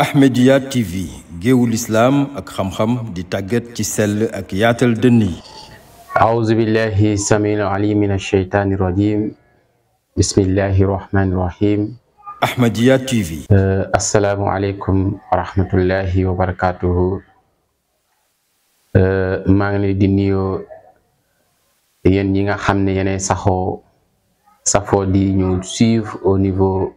Ahmedia TV géewu lislaam ak xam-xam di tàggat ci sell ak yaatal dënn yi أعوذ بالله السميع العليم من الشيطان الرجيم بسم الله الرحمن الرحيم أحمدية تي في أه السلام عليكم ورحمة الله وبركاته أه ما ني دي نيو yen ñi nga xamne yene saxo safo di ñu suivre au niveau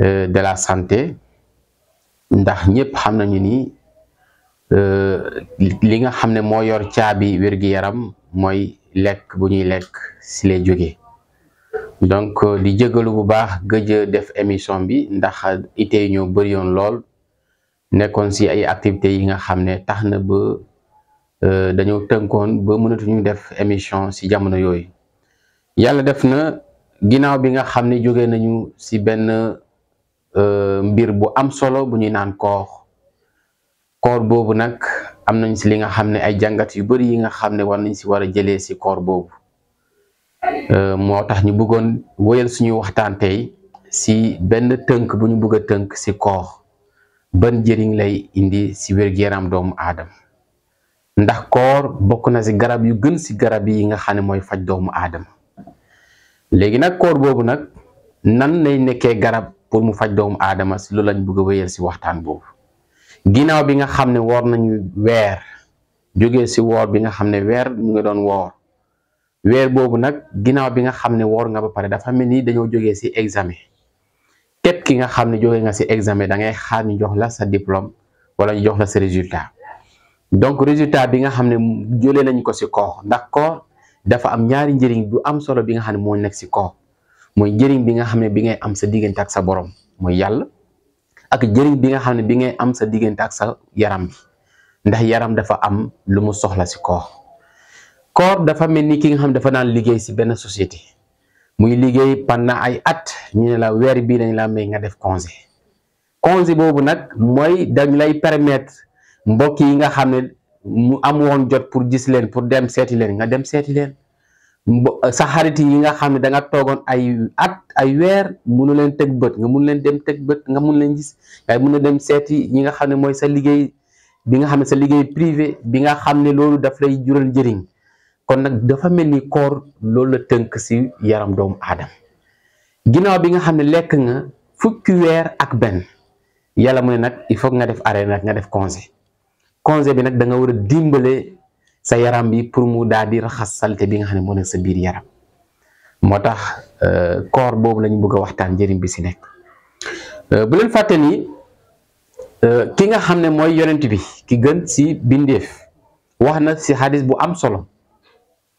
Euh, de la santé ndax ñëpp xam nañu ni euh, li nga xam ne moo yor caabi wér-gi-yaram mooy lekk bu ñuy lekk si lay jóge donc euh, di jégalu bu baax gëj def émission bi ndax ite ñoo bëri yoon lool nekkoon si ay activités yi nga xam ne tax na ba dañoo tënkoon ba mënatuñu def émission si jamono yooyu yàlla def na ginnaaw bi nga xam ne jóge nañu si benn Euh, mbir bu am solo bu ñuy naan koor koor bobu nak am nañ ci li nga xamne ne ay jangat yu bari yi nga xamne war nañ si wara jëlé ci si koor boobu euh, moo tax ñu bëggoon woyal suñu waxtaan tay si benn teunk bu ñu bëgg teunk ci si koor ban jëriñ lay indi si wër gëram Adam. doomu ndax koor bokku na si garab yu gën si garab yi nga xamne ne faj doomu adam légui nak koor bobu nak nan lay nekké garab pour mu faj doomu aadama si loola lañ bëgg a si waxtaan boobu ginnaaw bi nga xam ne woor nañu weer jógee si woor bi nga xam ne weer ñu nga doon woor weer boobu nag ginnaaw bi nga xam ne woor nga ba pare dafa mel ni dañoo jógee si examen képp ki nga xam ne jógee nga si examen da ngay xaar ñu jox la sa diplôme wala ñu jox la sa résultat donc résultat bi nga xam ne jëlee nañ ko si koor ndax ko dafa am ñaari njëriñ bu am solo bi nga xam ne moo nekk si koor mooy njëriñ bi nga xam ne bi ngay am sa diggante ak sa borom mooy yàlla ak jëriñ bi nga xam ne bi ngay am sa diggante ak sa yaram ndax yaram dafa am lu mu soxla si koor koor dafa mel ni ki nga xam dafa naan liggéey si benn société muy liggéey pendant ay at ñu ne la weer bii dañ la may nga def congé congé boobu nag mooy dañ lay permettre mbokk yi nga xam ne mu am woon jot pour gis leen pour dem seeti leen nga dem seeti leen sa xarit yi nga xam ne da toogoon ay at ay weer munu leen teg bët nga mun leen dem teg bët nga mun leen gis ngay mun a dem seeti ñi nga xam ne mooy sa liggéey bi nga xam ne sa liggéey privé bi nga xam ne loolu daf lay jural njëriñ kon nag dafa mel ni koor loolu la tënk si yaram doomu aadama ginaaw bi nga xam ne lekk nga fukki weer ak benn yàlla ne nag il faut nga def arrêt nag nga def congé congé bi nag da war a dimbale sa yaram bi pour mu daal di raxas salte bi nga xam ne moo nekk sa biir yaram moo tax koor euh, boobu lañu bëgg waxtaan njëriñ bi si nekk euh, bu leen fàtte ni euh, ki nga xam ne mooy yonent bi ki gën si bindeef wax na si xadis bu am solo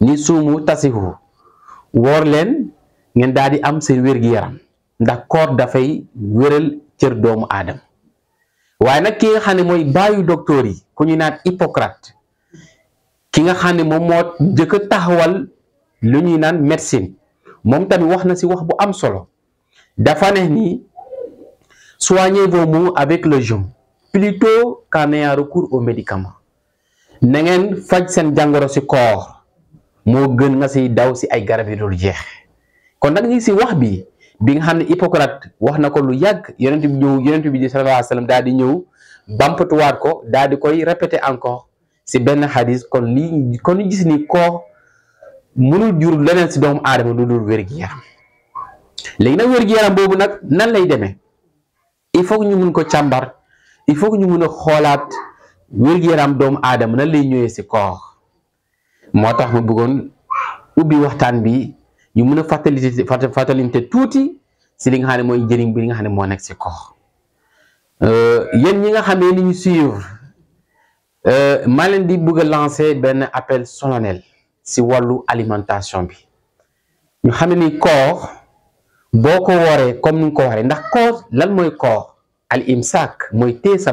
ni suumu tasihu woor leen ngeen daal di am seen wér-gi-yaram ndax koor dafay wéral cër doomu aadama waaye nag ki nga xam ne mooy baayu docteur yi ku ñu naan Hippocrate ki nga xamne mom mo jëk taxawal lu ñuy naan médecine mom tamit wax na si wax bu am solo dafa ne ni soignez-vos mou avec le jeûne plutôt qu'en ayant recours aux médicaments na ngeen faj sen jangoro si koor mo gën nga si daw ci ay garab yi dul jeex kon nak ñi si wax bi bi nga xamne Hippocrate wax na ko lu yàgg yaronte bi ñew yaronte bi sallallahu alayhi wasallam daal di ko daal di koy répéter encore ci hadis hadith kon li kon ni gis ni ko munu jur lenen ci doomu aadama du dul wér gi yaram léegi na wér gi yaram bobu nak nan lay demee il faut ñu mën ko chambar il faut ñu mun xolaat xoolaat gi yaram doomu aadama nan lay ñëwé ci koor motax ma bëggoon bi ñu mun fatalité fatalité touti ci li nga xam moy jëriñ bi nga mo nek ci euh yeen ñi nga ni ñu suivre Euh, maa di bëgg lancer appel solennel si walu alimentation bi ñu le comme ñu ko ndax koor lan moy koor al imsak moy sa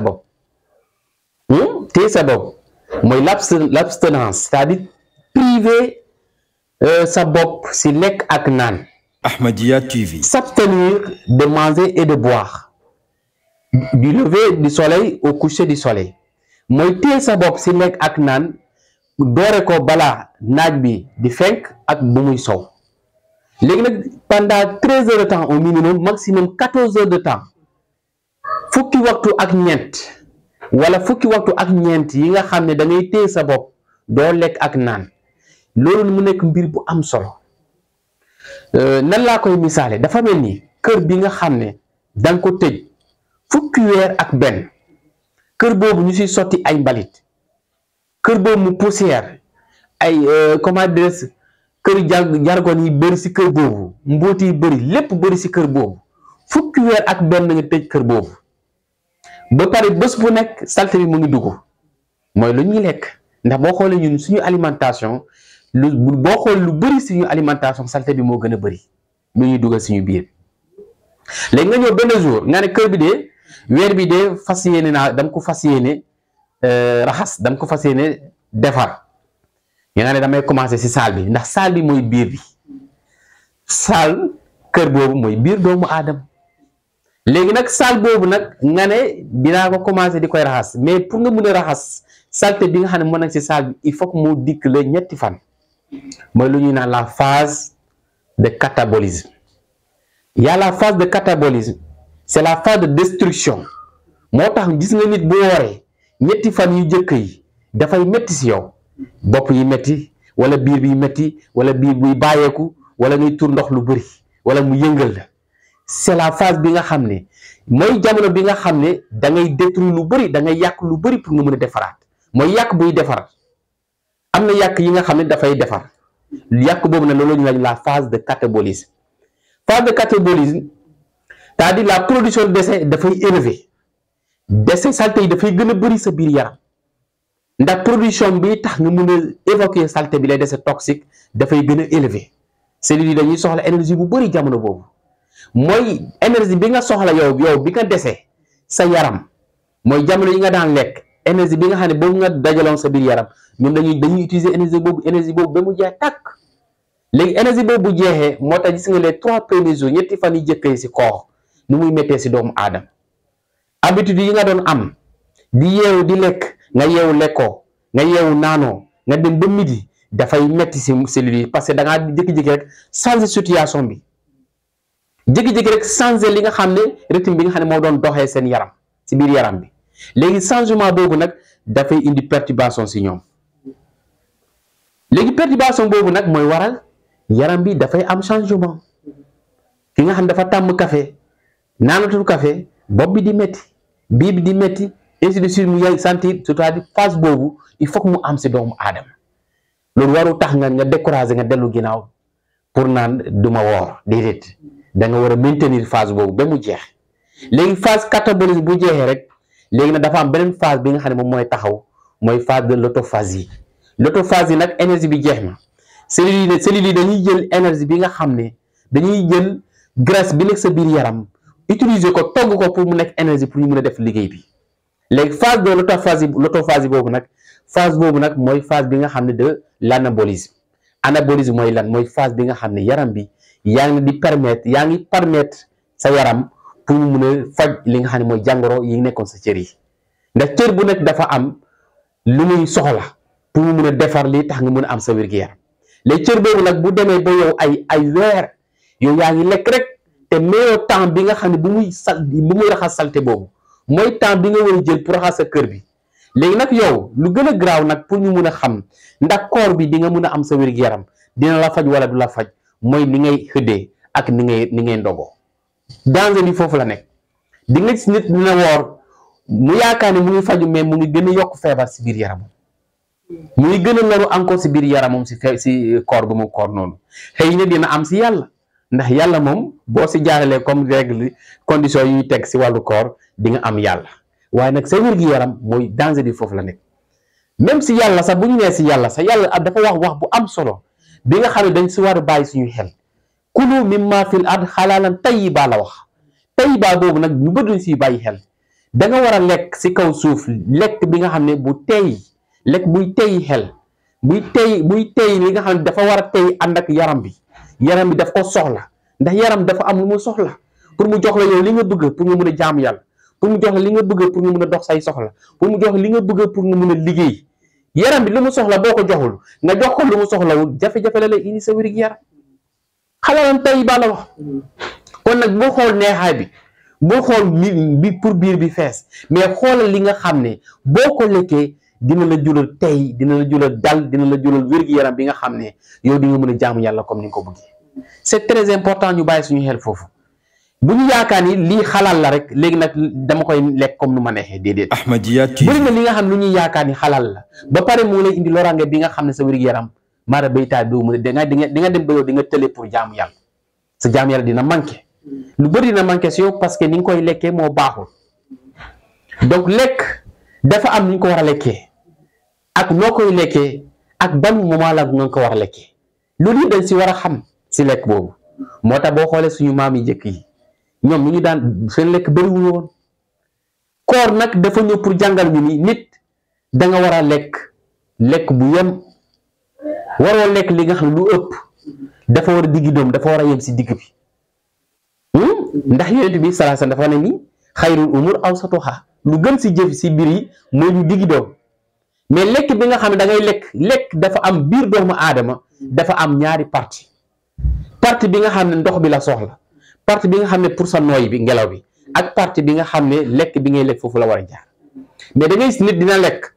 hmm? c'est-à-dire priver euh, sa de manger et de boire du lever du soleil au coucher du soleil. mooy téye sa bopp si lekk ak naan doore ko balaa naaj bi di fenk ak bu muy sow léegi nag pendant treize heures de temps au minimum maximum quatorze heures de temps fukki waxtu ak ñeent wala fukki waxtu ak ñeent yi nga xam ne da téye sa bopp doo lekk ak naan loolu mu nekk mbir bu am solo euh, nan laa koy misaale dafa mel nii kër bi nga xam ne danga ko tëj fukki weer ak benn kër boobu ñu si sotti ay mbalit kër boobu mu poussière ay euh, comment dirais kër jargon yi bëri si kër boobu mbóoti yi bëri lépp bëri si kër boobu fukki weer ak benn nga tëj kër boobu ba pare bés bu nekk salte bi mu ngi dugg mooy lu ñuy lekk ndax boo xoolee ñun suñu alimentation lu boo xool lu bëri suñu alimentation salte bi moo gën a bëri lu ñuy dugal suñu biir léegi nga ñëw benn jour nga ne kër bi de weer bi dee fas yéene naa dam ko fas yéene euh, raxas dam ko fas yéene defar ya nga ne damay commencé si saal bi ndax saal bi mooy biir bi saal kër boobu mooy biir doomu aadam léegi nag saal boobu nag nga ne dinaa ko commencé di koy raxas mais pour nga mun a raxas salte bi nga xam ne moo nekk si saal bi il faut mu dikk la ñetti fan mooy lu ñuy naan la phase de catabolisme y la phase de catabolisme c'est la phase de destruction moo tax gis nga nit bu wooree ñetti fan yu jëkk yi dafay metti si yow bopp yi metti wala biir biy metti wala biir buy bàyyeeku wala ngay tur ndox lu bëri wala mu yëngal la c'est la phase bi nga xam ne mooy jamono bi nga xam ne dangay ngay lu bëri da ngay yàq lu bëri pour nga mën a defaraat mooy yàq buy defar am na yàq yi nga xam ne dafay defar yàq boobu na loolu ñu la la phase de catabolisme phase de catabolisme cest di la production de déchets dafay élevé déchets saleté yi dafay gën a bëri sa biir yaram ndax production bi tax nga mën a évacuer saleté bi les déchets toxiques dafay gën a élevé cellules yi dañuy soxla énergie bu bëri jamono boobu mooy énergie bi nga soxla yow yow bi nga dese sa yaram mooy jamono yi nga daan lekk énergie bi nga xam ne boobu nga dajaloon sa biir yaram ñoom dañuy dañuy utiliser énergie boobu énergie boobu ba mu jeex tàkk léegi énergie boobu bu jeexee moo tax gis nga les trois ñetti fan yi jëkkee si koor nu muy méttee si doomu aadama habitude yi nga doon am di yeewu di lekk nga yeewu lekkoo nga yeewu naanoo nga dem ba midi dafay metti si cellules yi parce que da ngaa jékki-jékki rek changer situation bi jékki-jékki rek changer li nga xam ne rythme bi nga xam ne moo doon doxee seen yaram si biir yaram bi léegi changement boobu nag dafay indi perturbation si ñoom léegi perturbation boobu nag mooy waral yaram bi dafay am changement ki nga xam dafa tàmm kafe naanatul café bopp bi di métti bii bi di métti ainsi de suite mu yay sentir c'est-à-dire boobu il faut mu am si doomu aadama loolu waru tax nga nga décourager nga dellu ginnaaw pour naan du ma woor déedéet da danga war a maintenir phase boobu ba mu jeex léegi phase catabolisme bu jeexee rek léegi nag dafa am beneen phase bi nga xam ne moom mooy taxaw mooy phase de l'autophagie l'autophagie nag énergie bi jeex na cellules yi cellules yi dañuy jël énergie bi nga xam ne dañuy jël graisse bi nekk sa biir yaram utiliser ko togg ko pour mu nekk énergie pour ñu mën a def liggéey bi léegi phase de l'autophagie boobu nag phase boobu nag mooy phase bi nga xam ne de l'anabolisme anabolisme mooy lan mooy phase bi nga xam ne yaram bi yaa ngi di permettre yaa ngi permettre sa yaram pour mu mun a faj li nga xam ne mooy jàngoro yi nekkoon sa cër yi ndax cër bu nekk dafa am lu muy soxla pour mu mun a defar li tax nga mun a am sa wér-gu-yaram léegi cër boobu nag bu demee ba yow ay weer yow yaa ngi lekk rek. té meilleur temps bi nga xamni bu muy sal bu muy raxas salte bobu moy temps bi nga wone jël pour raxas sa kër bi légui nak yow lu gëna graw nak pour ñu mëna xam ndax koor bi di nga mëna am sa wër gi yaram dina la faj wala du la faj moy ni ngay xëdé ak ni ngay ni ngay ndogo danger bi fofu la nek di nga gis nit dina wor mu yaakaar mu ngi faju mais mu ngi gëna yok fever ci si yaram yaramam mu ngi gën encore ci ci koor bu mu koor non xey dina am ci yalla ndax yàlla moom boo si jaaralee comme règle condition yuy teg si wàllu koor di nga am yàlla waaye nag sa wér-gi-yaram mooy danger bi foofu la nekk même si yàlla sax bu ñu nee si yàlla sax yàlla dafa wax wax bu am solo bi nga xam ne dañ si war a bàyyi suñu xel kulu mimma fil ard xalaalan tayyiba la wax tayyiba boobu nag ñu bëri si bàyyi xel da nga war a lekk si kaw suuf lekk bi nga xam ne bu tey lekk buy tey xel buy tey buy tey li nga xam ne dafa war a tey ànd ak yaram bi yaram bi daf ko soxla ndax yaram dafa am lu mu soxla pour mu jox la yow li nga bëgg pour nga mën a jaamu yàlla pour mu jox li nga bëgg pour nga mën a dox say soxla pour mu jox li nga bëgg pour nga mën a liggéey yaram bi lu mu soxla boo ko joxul nga jox ko lu mu soxlawul jafe-jafe la lay indi sa wérig yaram xalalam tey ba la wax kon nag boo xool neexaay bi boo xool mi bi pour biir bi fees mais xoolal li nga xam ne boo ko lekkee dina la jural tey dina la jural dal dina la jural wér-gu-yaram bi nga xam ne yow di nga mën a jàmm yàlla comme ni nga ko bëggee c'est très important ñu bàyyi suñu xel foofu bu ñu yaakaar ni lii xalaal la rek léegi nag dama koy lekk comme nu ma neexee déedéet Ahmadiyya bëri na li nga xam lu ñuy yaakaar ni xalaal la ba pare moo lay bi nga xam ne sa yaram maara baytaay doo mën a di nga di nga dem ba yow di nga tële pour jaamu yàlla sa jaamu yàlla dina manqué lu bëri dina manqué si yow parce que ni nga koy lekkee moo baaxul donc lekk dafa am ni ñu ko war a lekkee ak noo koy lekkee ak ban moment la ngon ko war a loolu dañ si war xam ci lek boobu mota bo boo suñu maam yi njëkk yi ñom ñu daan seen wu won koor nak dafa ñu pour jangal ñu ni nit da nga wara lek lek bu yam waro lek li nga xam lu upp dafa wara digi dom dafa wara yem si digg bi hmm? ndax yonent bi sallallahu alayhi wasallam dafa ni khairul umur awsatuha lu gën si jëf ci biri moy lu mais lekk bi nga xam ne da ngay lekk lekk dafa am biir doomu aadama dafa am ñaari partie partie bi nga xam ne ndox bi la soxla partie bi nga xam ne pour sa nooy bi ngelaw bi ak bi nga xam ne lekk bi ngay lekk foofu la war a jaar mais da ngay nit dina lekk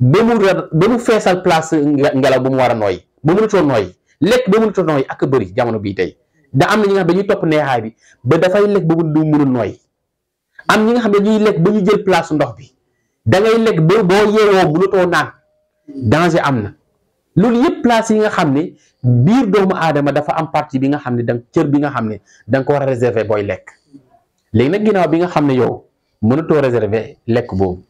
ba mu ba mu feesal place ngelaw bu mu war a nooy ba mënutoo nooy lekk ba mënutoo nooy ak bëri jamono bii tey da am na ñi nga xam dañuy topp neexaay bi ba dafay lekk ba mu mënul nooy am ñi nga xam ne dañuy lekk ba ñu jël place ndox bi. da ngay lekk ba boo yeewoo mënutoo naan danger am na loolu yëpp place yi nga xam ne biir doomu aadama dafa am partie bi nga xam ne da cër bi nga xam ne da ko war a réserver booy lekk léegi nag ginnaaw bi nga xam ne yow mënutoo réserver lekk boobu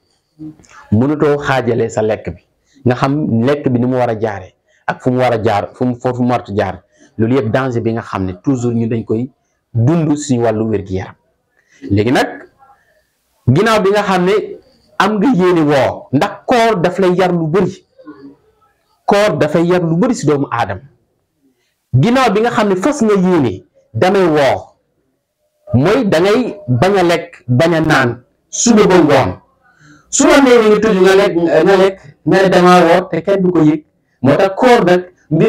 mënutoo xaajale sa lekk bi nga xam lekk bi ni mu war a jaaree ak fu mu war a jaar fu mu foofu mu jaar loolu yëpp danger bi nga xam ne toujours ñu dañ koy dund suñu wàllu wér gi léegi nag ginnaaw bi nga xam ne am nga yéene woor ndax koor daf lay yar lu bëri koor dafay yar lu bëri si doomu aadama ginnaaw bi nga xam ne fas nga yéene damay woor mooy dangay bañ lekk bañ a su suba ba ngoon su ma nee nga tëdd eh, nga lekk nga lekk damaa woor te kenn du ko yëg moo tax koor nag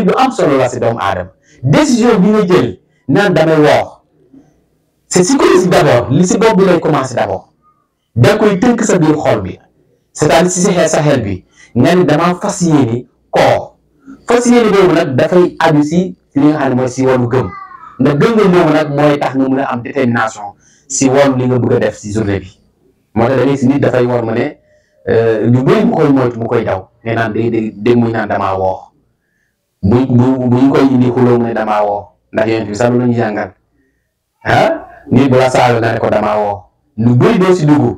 bu am solo la si doomu aadama décision bi nga jël naan damay woor c'est psychologique d'abord li si bopp bi lay commencé d'abord da koy tënk sa biir xol bi c'est-à-dire si sa xel sa xel bi nga ni damaa fas yéene koor fas yéene boobu nag dafay aju si li nga xam ne mooy si wàllu gëm ndax gëm nga boobu nag mooy tax nga mun a am détermination si wàllu li nga bëgg a def si journée bi moo tax dafay war mu ne lu euh, bëri koy moytu mu naan day dégg dégg muy naan damaa woo bu bu bu ñu koy indi xuloo mu ne damaa woo ndax yonent bi sax lu ñu jàngal ah nit bu la nga ne ko damaa woo lu bëri doo si dugg.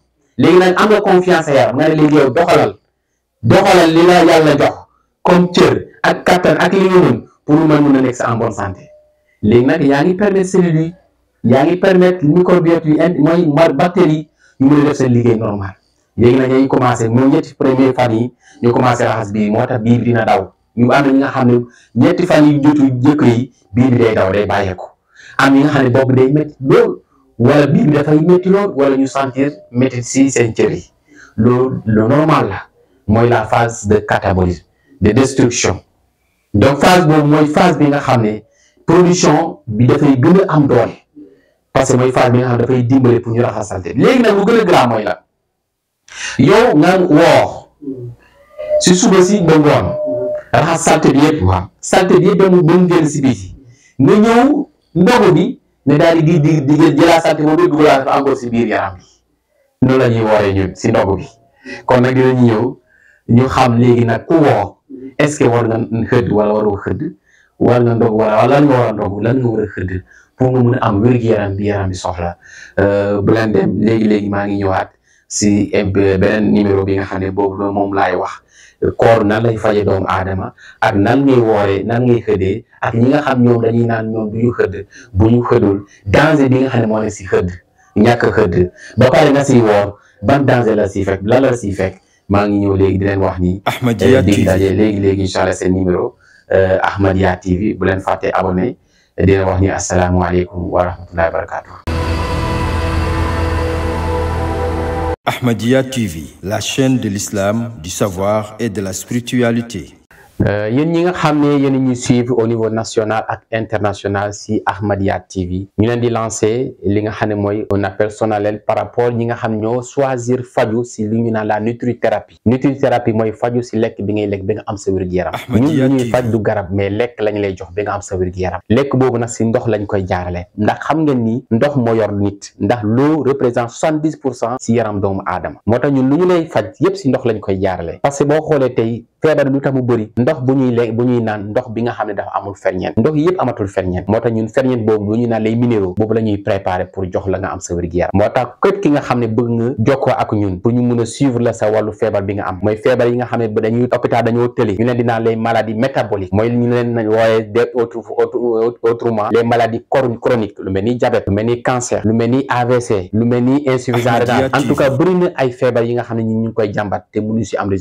léegi nag am nga confiance yaram nga a léegi yow doxalal doxalal li la jox comme cër ak kattan ak li nga pour mu mën mun a nekk en bonne santé léegi nag yaa ngi permettre cellules yi yaa ngi permettre microbiote yi indi mooy bactéries yu mën a def seen liggéey normal léegi nag ñuy commencé mooy ñetti premier fan yi ñu commencé raxas biir moo tax biir bi dina daw ñu am na ñi nga xam ne ñetti fan yi jotu jëkk yi biir bi day daw day bàyyeeku am ñi nga xam ne bopp wala biir bi dafay métti lool wala ñu sentir métti ci seen cër yi loolu le normal la moy la phase de catabolisme de destruction donc phase bo moy phase bi nga xamné production bi dafay gën a am doole parce que moy phase bi nga xamné ne dafay dimbalé pour ñu raxas salte léegi nag lu gën a grave la yow nga woor ci suba ci ba ngoon raxas bi yépp wa salte bi yëpp ba mu mën génn si ñew nga ndogu bi ne daal di di di jëlaat sant moom it dugalaat ko encore si biir la ñuy wooree si ndog bi kon nag ñu ñëw ñu xam léegi nag ku woor est-ce que war nga xëdd wala waroo xëdd war nga ndog wala lan war a ndog lan nga war a xëdd pour nga mën a am wér-gu-yaram bi yaram bi soxla euh, Blindé léegi léegi maa ngi ñëwaat si eh, beneen numéro bi nga xam ne boobu loolu moom laay wax. koor nan lay faje doomu aadama ak nan ngay wooree nan ngay xëddee ak ñi nga xam ñoom dañuy naan ñoom duñu xëdd bu ñu xëddul danger bi nga xam ne moo si xëdd ñàkk xëdd ba pare nga siy woor ban danger la siy fekk lan la siy fekk maa ngi ñëw léegi di leen wax ni Ahmadiyya eh, TV di daje léegi léegi incha allah seen numéro eh, Ahmadiyya TV bu leen fàtte abonné di wax ni asalaamualeykum wa rahmatullahi wa Ahmadiyya TV, la chaîne de l'islam, du savoir et de la spiritualité. Euh, yéen ñi nga xamné ne ñi suivre au niveau national ak international si Ahmadiyya TV ñu leen di lancer li nga xamné moy mooy un appel solennel par rapport ñi nga xam ñoo choisir faju si li ñu na la nutrithérapie nutrithérapie moy faju si lekk bi ngay lekk bi nga am sa wér-gu-yaram ñu li ñuy faj du garab mais lekk lañ lay jox bi nga am sa wér-gu-yaram lekk bobu nak si ndox lañ koy jaarale ndax xam ngeen ni ndox mo yor nit ndax l'eau représente 70% si yaram doomu adam moo tax ñun lu ñu lay faj yépp si ndox lañ koy jaarale parce que bo xolé tay feebar bi bu ñuy le bu ñuy naan ndox bi nga xam ne dafa amul ferñeent ndox yi yëpp amatul ferñeent moo tax ñun ferñeent boobu lu ñuy naan lay minéraux boobu la ñuy préparer pour jox la nga am sa wér-gu-yaram moo tax képp ki nga xam ne a suivre la bi nga am mooy feebar yi nga xam ne dañuy hôpital dañoo tëli ñu leen di naan les maladies métaboliques mooy ñu leen wooye de autrement les maladies chroniques lu mel ni diabète lu mel cancer lu mel ni AVC lu mel ni insuffisance en tout cas bëri ay feebar yi nga xam ne ñu ngi koy jàmbat si am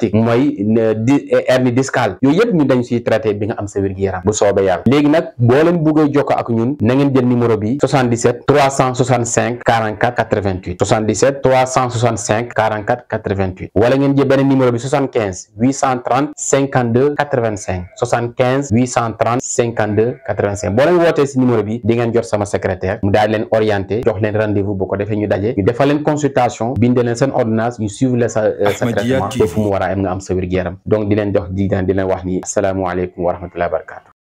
sciatique mooy euh, di euh, hernie discale yooyu yëpp ñu dañ siy traité bi nga am sa wér-gi-yaram bu soobee yàlla léegi nag boo leen bëggee jokkoo ak ñun na ngeen jël numéro bi 77 365 44 88 77 365 44 88 wala ngeen jël wootee si numéro bi di jot sama secrétaire mu daal leen jox leen rendez-vous ko defee ñu daje ñu defal consultation bindee seen ordonnance ñu suivre leen sa euh, traitement foofu mu am nga am sa wér gu donc di leen jox di daan di leen wax ni asalaamualeykum wa rahmatullahi wa